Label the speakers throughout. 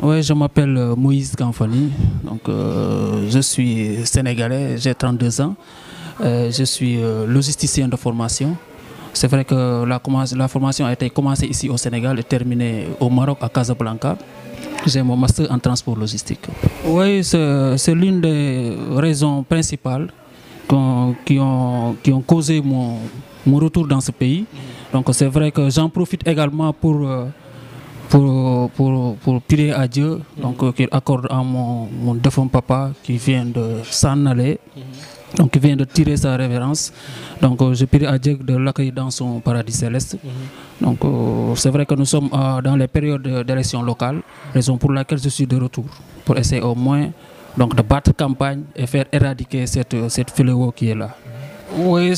Speaker 1: Oui, je m'appelle euh, Moïse Ganfani. Donc, euh, je suis sénégalais, j'ai 32 ans. Euh, je suis logisticien de formation. C'est vrai que la, la, formation a été commencée ici au Sénégal et terminée au Maroc, à Casablanca. J'ai mon master en transport logistique. Oui, c'est l'une des raisons principales qui ont, qui ont, causé mon, mon, retour dans ce pays. Donc c'est vrai que j'en profite également pour pour, pour, prier à Dieu, donc euh, qu'il accorde à mon, mon, défunt papa qui vient de s'en aller, mhm. donc qui vient de tirer sa révérence. Donc euh, je prie à Dieu de l'accueillir dans son paradis céleste. Mhm. Donc euh, c'est vrai que nous sommes dans les périodes d'élection locale, raison pour laquelle je suis de retour, pour essayer au moins donc, de battre campagne et faire éradiquer cette, cette fléau qui est là oui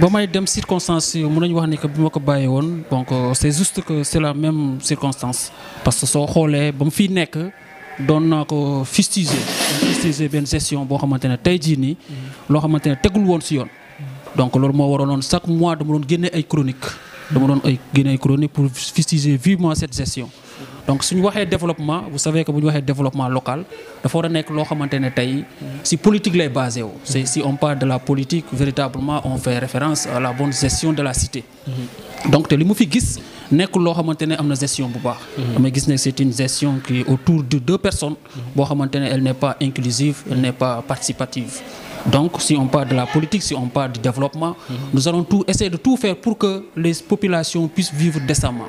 Speaker 1: ba may dem circonstances, yi mun nañu wax ni que bi ko bàyyi woon donc c'est juste que c'est la même circonstance parce que soo xoolee ba mu fiy nekk doon naa ko fustiger fustiger benn gestion boo xamante ne tey jii nii loo xamante ne tegul woon si yoon donc loolu moo waroonoon chaque mois dama doon génne ay chronique dama doon ay génne ay chronique pour fustiger vivement cette gestion donc si nous avons développement vous savez que nous avons développement local il faut que nous loo si politique est basée, si on parle de la politique véritablement on fait référence à la bonne gestion de la cité. Mm-hmm. donc te que mm-hmm. c'est une gestion qui est autour de deux personnes. Mm-hmm. elle n'est pas inclusive elle n'est pas participative. Donc, si on parle de la politique, si on parle du développement, nous allons tout essayer de tout faire pour que les populations puissent vivre décemment.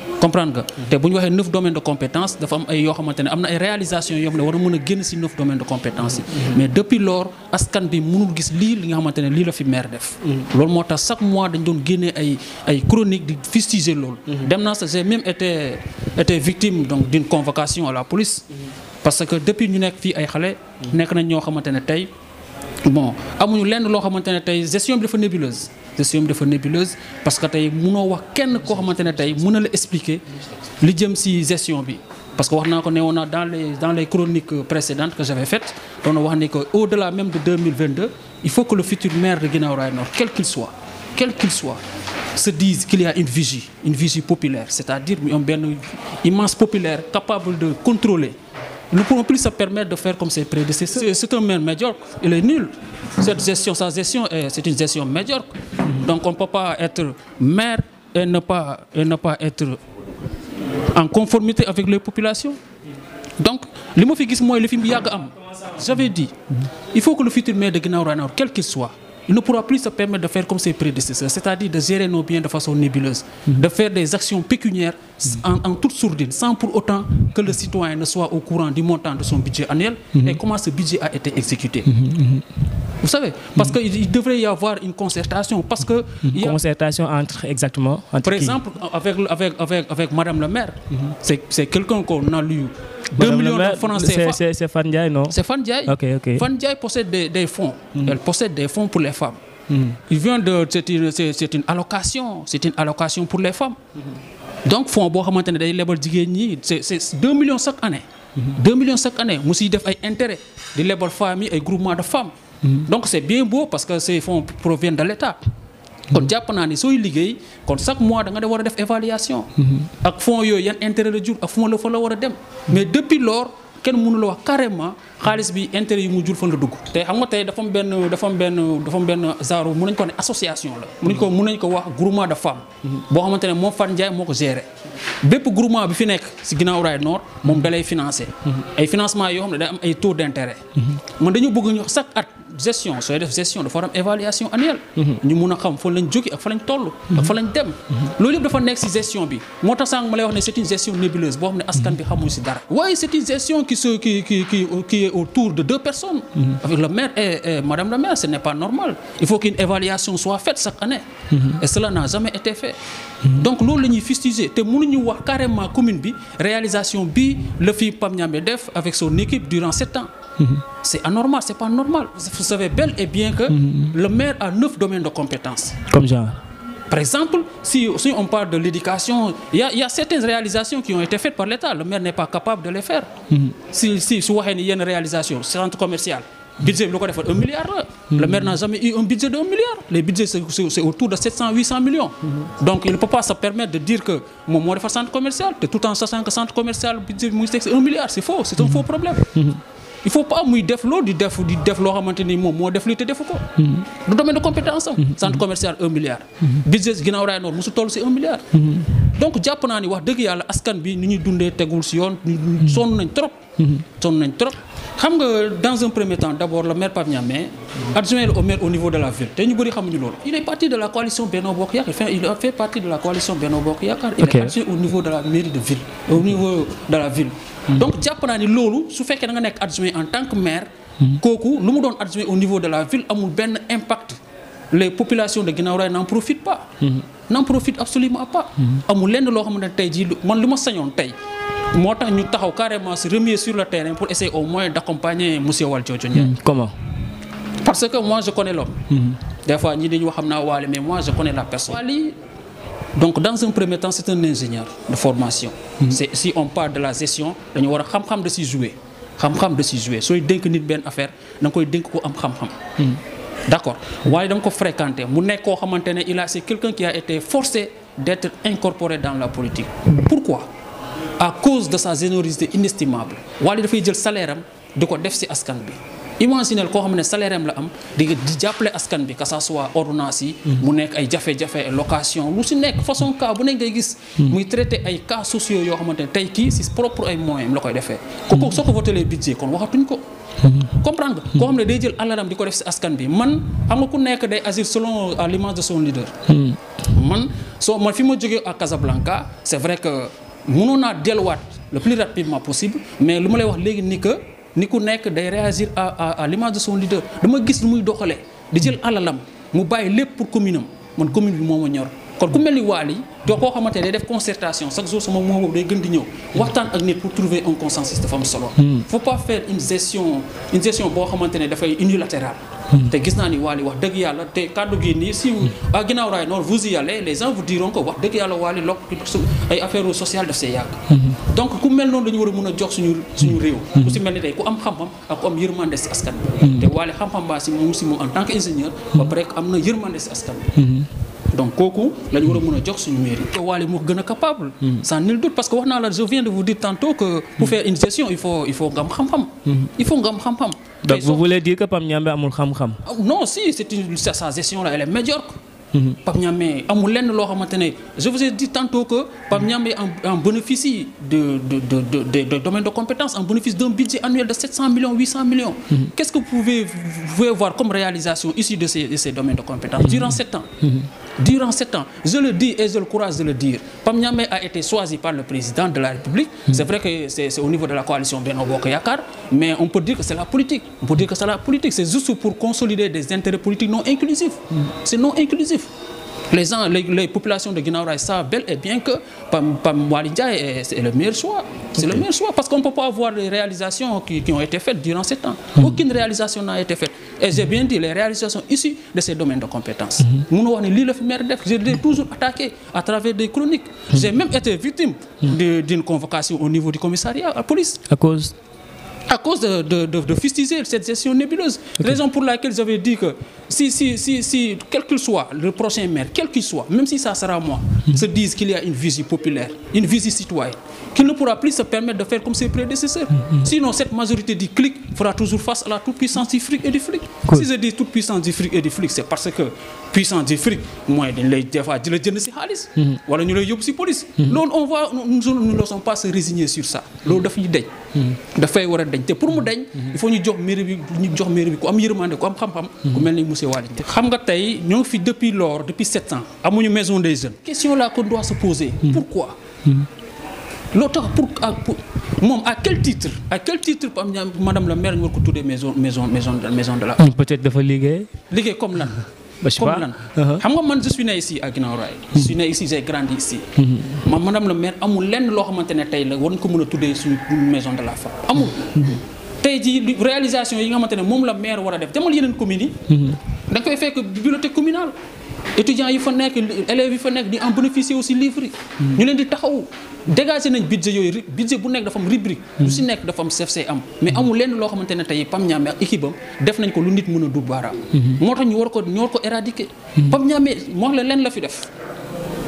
Speaker 1: comprendre nga té buñ waxé neuf domaines de compétences dafa am ay yo xamanténi amna ay réalisations yoo xam ne mëna a ci a neuf domaines de compétences. Mhm. mais depuis lors askan bi mënul gis li li nga xamanténi li lii la fi maire def mhm. lool motax chaque mois dañ doon génnee ay ay chronique di fustiger lool mhm. dem naa j'ai même été été victime donc d'une convocation à la police parce que depuis ñu nek fi ay xalé nek nañ ñoo xamanténi tay bon amuñu lenn lo xamanténi tay gestion bi dafa nébuleuse décision de dafa nébuleuse parce que tay munoo wax kenn ko xamantene ne tey la expliquer li jëm gestion parce que dans les dans les chroniques précédentes que j'avais faites on wax ni au delà même de 2022 il faut que le futur maire de Guinaw Raynor quel qu'il soit quel qu'il soit se dise qu'il y a une vigie une vigie populaire c'est-à-dire une immense populaire capable de contrôler. Nous ne pouvons plus se permettre de faire comme ses prédécesseurs. C'est un maire médiocre, il est nul. Cette gestion, sa gestion, c'est une gestion médiocre. Donc on ne peut pas être maire et ne pas, et ne pas être en conformité avec les populations. Donc, le moi, le film J'avais dit, il faut que le futur maire de guinée quel qu'il soit, il ne pourra plus se permettre de faire comme ses prédécesseurs, c'est-à-dire de gérer nos biens de façon nébuleuse, de faire des actions pécuniaires en, toute sourdine, sans pour autant que le citoyen ne soit au courant du montant de son budget annuel et mhm. comment ce budget a été exécuté. Mhm, mhm, vous savez, parce qu'il devrait y avoir une concertation. Parce que une concertation entre exactement. Par exemple, avec, avec, avec, Madame le maire, mhm. c'est quelqu'un qu'on a lu. 2 millions de francs CFA. C'est Fandiaï, non C'est Fandiaï. Fandiaï possède des, fonds. Mhm. Elle possède des fonds pour les femmes. Mhm. Il vient de. C'est une, une, allocation. C'est une allocation pour les femmes. Donc, fonds boo xamante les labels c'est 2 millions chaque année. 2 millions chaque année Il def ay intérêt des labels familles et ay groupement de femmes. Mm-hmm. donc c'est bien beau parce que ces fonds proviennent de l'État. état. kon mm-hmm. jàpp naa ni sooy liggéey kon chaque mois da nga de war a def évaluation. Mm-hmm. ak fonds yooyu yan intérêt de jour, ak fonds le fa la war dem. mais depuis lors quel monde la wax carrément xaalis bi intérêt yi mu jur fan la dugg. te xam nga tey dafa am benn dafa am benn dafa am benn genre mën ko association la. mën nañu ko mën nañu ko wax groupement de femmes. Bon xamante ne moom Fane Ndiaye moo ko gérer. Bep groupement bi fi si ginnaaw raay nord moom dalay financer. ay financement yoo xam ne day am ay taux d'intérêt. intérêt. man dañu bëgg ñu chaque gestion c'est def gestion le forum évaluation annuelle. Nous mun a xam fan lañ faut ak fan lañ toll. lañ dem. loolu ci gestion bi Moi, tax ma lay c'est une gestion nébuleuse Bon, askan bi dara. Oui, c'est une gestion qui se qui qui qui qui est autour de deux personnes. avec le maire et, madame la maire ce n'est pas normal il faut qu'une évaluation soit faite chaque année. et cela n'a jamais été fait. donc loolu la ñuy fustiger te mënuñu wax carrément commune bi réalisation bi le fi Pape avec son équipe durant sept ans. C'est anormal, c'est pas normal. Vous savez bel et bien que mhm. le maire a neuf domaines de compétences. Comme genre. Par exemple, si, on parle de l'éducation, il y, a certaines réalisations qui ont été faites par l'État. Le maire n'est pas capable de les faire. Mhm. Si, si, il y a une réalisation, centre commercial, budget, le un milliard. Mhm. Le maire n'a jamais eu un budget de 1 milliard. Les budgets, c'est autour de 700, 800 millions. Donc, il ne peut pas se permettre de dire que mon faire centre commercial, tout en sachant que centre commercial, budget, c'est 1 milliard. C'est faux, c'est un faux problème. il faut pas muy def loolu di def di def loo xamante ni moom moo def lii te defu ko. du domaine de compétence am. Mm-hmm. centre commercial un milliard. Mm-hmm. business ginnaaw raay noor mosu toll si un milliard. Mm-hmm. donc jàpp naa ni wax dëgg yàlla askan bi ni ñuy dundee tegul si yoon. sonn nañ trop. sonn nañ trop. xam nga dans un premier temps d'abord le maire Pape adjoint au maire au niveau de la ville Té ñu xamu ñu loolu il est parti de la coalition Benno Bokk il a fait partie de la coalition Benno Bokk Yaakaar il est adjoint au niveau de la mairie de ville au niveau de la ville donc jàpp naa ni lolu su fekké nga nek adjoint en tant que maire koku lu mu doon adjoint au niveau de la ville amul ben impact les populations de Guinaw n'en profitent pas mhm. n'en profitent absolument pas mhm. amul lenn lo xamné tay ji man luma sañon tay moi, nous ñu carrément se sur le terrain pour essayer au moins d'accompagner monsieur Walthiodjo hmm, comment. parce que moi je connais l'homme. Hmm. des fois ñi dañu wax xam mais moi je connais la personne. donc dans un premier temps c'est un ingénieur de formation. Hmm. si on parle de la gestion dañu war a xam-xam de si jouer xam-xam de si jouer sooy dénk nit benn affaire da il koy dénk ko am d'accord Wali, il a c'est quelqu'un qui a été forcé d'être incorporé dans la politique. pourquoi à cause de sa générosité inestimable Wally dafay jël salaire am ko def ci askan bi imaginel ko xamné ne salaire am la am di di jàppale askan bi que ça soit ordonnance yi mm-hmm. mu nek ay jafé jafe location lu ci nek façon cas bu nekk ngay gis mm-hmm. muy traiter ay cas sociaux yo xamanté tay ki ci propre ay moyens la koy defee ko mm-hmm. soo ko les budget kon waxatuñ ko comprendre ko xamné day jël alaram di ko def ci askan bi man xam nga ku nek day agir selon à l'image de son leader man so man fi ma jógee à Casablanca c'est vrai que nous na le plus rapidement possible mais lay wax ni que ni ku nek réagir à l'image de son leader dama gis lu muy di jël alalam mu faire lepp pour commune Mon commune bi moo ñor kon ku day def concertation chaque jour sama gën di pour trouver un consensus de Il solo. Hmm. faut pas faire une gestion une unilatérale te gis naa ni Wally wax dëgg yàlla te kàddu gi nii si à ginnaaw raay noonu vous y allez les gens vous diront que wax dëgg yàlla Wally lokk ay affaire sociale daf see yàgg mhm. donc ku mel noonu dañu war a mun a jox suñu suñu réew mhm. ku si mel ni tey ku am xam-xam ak ku am yërmande si askan bi mhm. te Wally xam-xam baa si moom si moom en tant que ingénieur ba pare am na yërmande si askan bi donc kooku lañu war a mën a jox suñu mairie te Wally moo gën a capable sans nul doute parce que wax naa la je viens de vous dire tantôt que pour faire une gestion il faut il faut nga am xam-xam il faut nga am xam-xam donc vous voulez dire que Pam Niamé amul un ham? Ah, non si c'est une sensation gestion là elle est médiocre. Mhm. Pam Niamé amul lenn de je vous ai dit tantôt que Pam Niamé en bénéficie de de de de de domaine de en bénéfice d'un budget annuel de 700 millions 800 millions. Mhm. qu'est-ce que vous pouvez voir comme réalisation issue de ces ces domaines de compétences mhm. durant sept ans durant sept ans. Je le dis et je le courage de le dire. Pam a été choisi par le président de la République. Hmm. C'est vrai que c'est au niveau de la coalition Beno Yakar, mais on peut dire que c'est la politique. On peut dire que c'est la politique. C'est juste pour consolider des intérêts politiques non inclusifs. Hmm. C'est non inclusif. Les, les, populations de Guinara savent bel et bien que Pam, Pam est, le meilleur choix. C'est le meilleur choix parce qu'on ne peut pas avoir les réalisations qui, ont été faites durant ces temps. Hmm. Aucune réalisation n'a été faite. Et j'ai bien dit, les réalisations issues de ces domaines de compétences. Mhm. je J'ai toujours attaqué à travers des chroniques. Mhm. J'ai même été victime mhm. d'une convocation au niveau du commissariat à la police. À cause à cause de, de, de, cette gestion nébuleuse. Raison pour laquelle j'avais dit que si, si, si, si, quel qu'il soit le prochain maire, quel qu'il soit, même si ça sera moi, mhm. se disent qu'il y a une vision populaire, une vision citoyenne, qu'il ne pourra plus se permettre de faire comme ses prédécesseurs. Mhm. Sinon, cette majorité du clic fera toujours face à la toute-puissance du fric et du fric Si je dis toute-puissance du fric et du fric c'est parce que puissance du fric, moi, je le dis, le le police. Mmh. on ne nous laissons pas se résigner sur ça loolu daf ñu deñ dafay war a deñ te pour mu deñ il faut ñu jox mairie bi ñu jox mairie bi ku am yërmande ku am xam-xam ku mel ni monsieur Waly xam nga tey ñoo ngi fi depuis lors depuis sept ans amuñu maison des jeunes question là qu'on doit se poser hmm. pourquoi loo tax ah, pour moom à quel titre à quel titre madame la maire ñu war ko tuddee maison maison maison maison de la hmm, peut-être dafa liggéey liggéey comme lan comme lan uh-huh. xam nga man je suis né ici à Guinaw Rail je suis né ici j'ai mm-hmm. ma madame le maire amul lenn loo xamante ne tey la war ko mën a tuddee suñu maison de la femme amul mm-hmm. tey jii réalisation yi nga xamante ne moom la maire war a def demal yeneen communes yi mm-hmm. fekk bibliothèque communale étudiants yi fa nek élèves yi fa nek di en bénéficier aussi livre ñu leen di taxaw dégagé nañ budget budget bu nek dafa am rubrique. lu ci nek dafa am CFC am. mais amu ne peut ñamé def nañ ko lu nit mëna a dugg mhm. ñu war ko ko éradiquer. Mhm.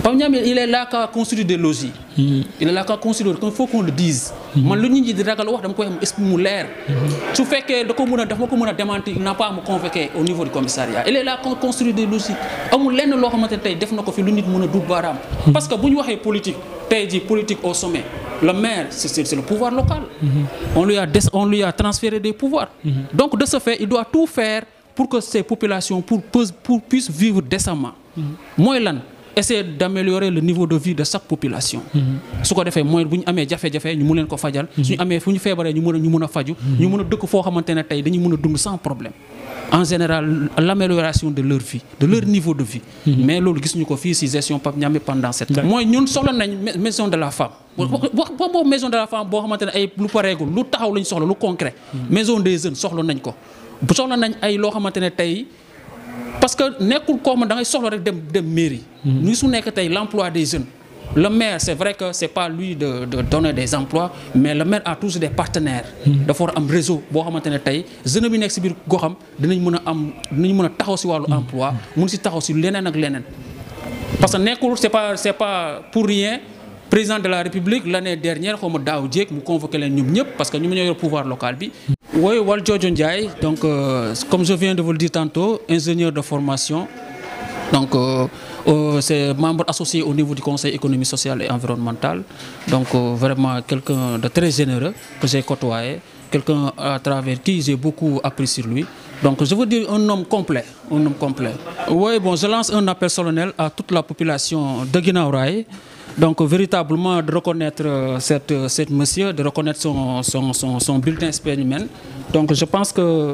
Speaker 1: la il est là qu'à construire des logis il est là qu'à considérer qu'il faut qu'on le dise. man lu nid de di ragal wax dama koy am esprit mu leer. Mhm. su fekkee da ko mën a a il n'a pas à me convoquer au niveau du commissariat il est là qu'on construit des logiques amul lenn loo xamante ne tey def na ko fi lu nit mën a mhm. parce que bu ñu politique tey dit politique au sommet le maire c'est le pouvoir local. Mhm. on lui a on lui a transféré des pouvoirs. donc de ce fait il doit tout faire pour que ces populations pour pour puissent vivre décemment. mooy lan essayer d'améliorer le niveau de vie de chaque population. Mhm. su ko defee mooy bu ñu amee jafe-jafe ñu mun leen ko fajal. Mhm. suñu amee fu ñu feebaree ñu mun a ñu mun a faju. Mhm. ñu dëkk dañuy dund sans problème. en général l'amélioration de leur vie de leur niveau de vie. mais loolu gis ñu ko fii ci gestion Pape Niamé pendant cette. moi, mooy ñun soxla nañ maison de la femme. wax boobu maison de la femme boo xamante ne ay lu pareegul lu taxaw lañ soxla lu concret. maison des jeunes soxla nañ ko bu soxla nañ ay loo xamante maintenir taille parce que Nekul koo dans da ngay la mairie. Mhm. Nous sommes nekk l'emploi des jeunes. le maire c'est vrai que ce n'est pas lui de de donner des emplois mais le maire a tous des partenaires. Il faire un réseau pour maintenir les tey les bi nekk si biir goxam dinañ mën am dinañ mën mhm. emploi parce que Nekul, n'est pas pas pour rien président de la république l'année dernière il a convoqué les gens parce que ñu le le pouvoir local oui, Waljo Ndiaye, donc, euh, comme je viens de vous le dire tantôt, ingénieur de formation, donc euh, euh c'est membre associé au niveau du Conseil économique, social et environnemental. Donc euh, vraiment quelqu'un de très généreux que j'ai côtoyé, quelqu'un à travers qui j'ai beaucoup appris sur lui. Donc je vous dis un homme complet, un homme complet. Oui, bon, je lance un appel solennel à toute la population de Guinaouraï. Donc véritablement de reconnaître euh, euh, cette, monsieur, de reconnaître son, son, bulletin spécimen. Donc je pense que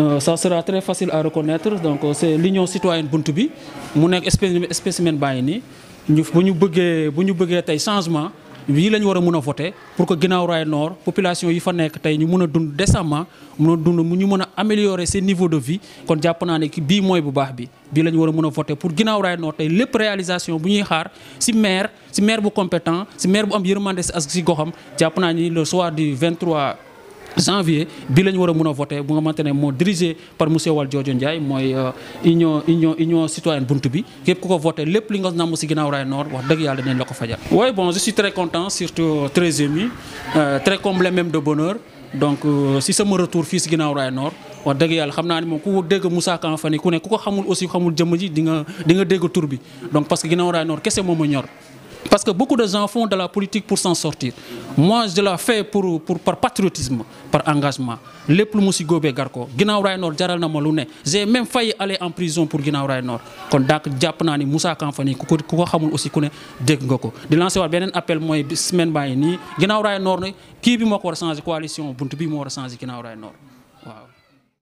Speaker 1: euh, ça sera très facile à reconnaître. Donc c'est l'Union citoyenne Buntubi, mon spécimen Nous changement pour que Guinaw Nord population yi fa nekk ñu décemment mën améliorer seen niveau de vie kon jàpp naa ne bii mooy bu baax bi pour que Rails Nord tey lépp réalisation bu ñuy xaar ci maire ci maire bu compétent ci maire bu am le soir du 23 janvier bi la wara war voter bu nga xamante mo moo dirigé par monsieur Valdiodio Ndiaye moy euh, union union union citoyenne buntu bi képp ku ko voter lepp li nga namm si ginnaaw ray nord wax dëgg yalla dinañ la ko fajal. bon je suis très content surtout très ému euh, très comblé même de bonheur donc euh, si sama retour fils si ray nord. wax dëgg yalla xamna ni ne moom ku dégg Moussa Kane Fane ku ne ku ko xamul aussi xamul jëm ji di nga di nga dégg tour bi donc parce que ginnaaw ray nord kese moma ñor. Parce que beaucoup de gens font de la politique pour s'en sortir. Moi, je l'ai fait pour, pour, par patriotisme, par engagement. Les plus Gobé Garko, Guinao Raynor, Djaral J'ai même failli aller en prison pour Guinao Raynor. Quand Dak Diapanani, Moussa appel Koukou Hamoul aussi connaît Dek Ngoko. De lancer un appel, moi, semaine ni. Guinao Raynor, qui est changer coalition, Buntubi, moi, changer Guinao Raynor.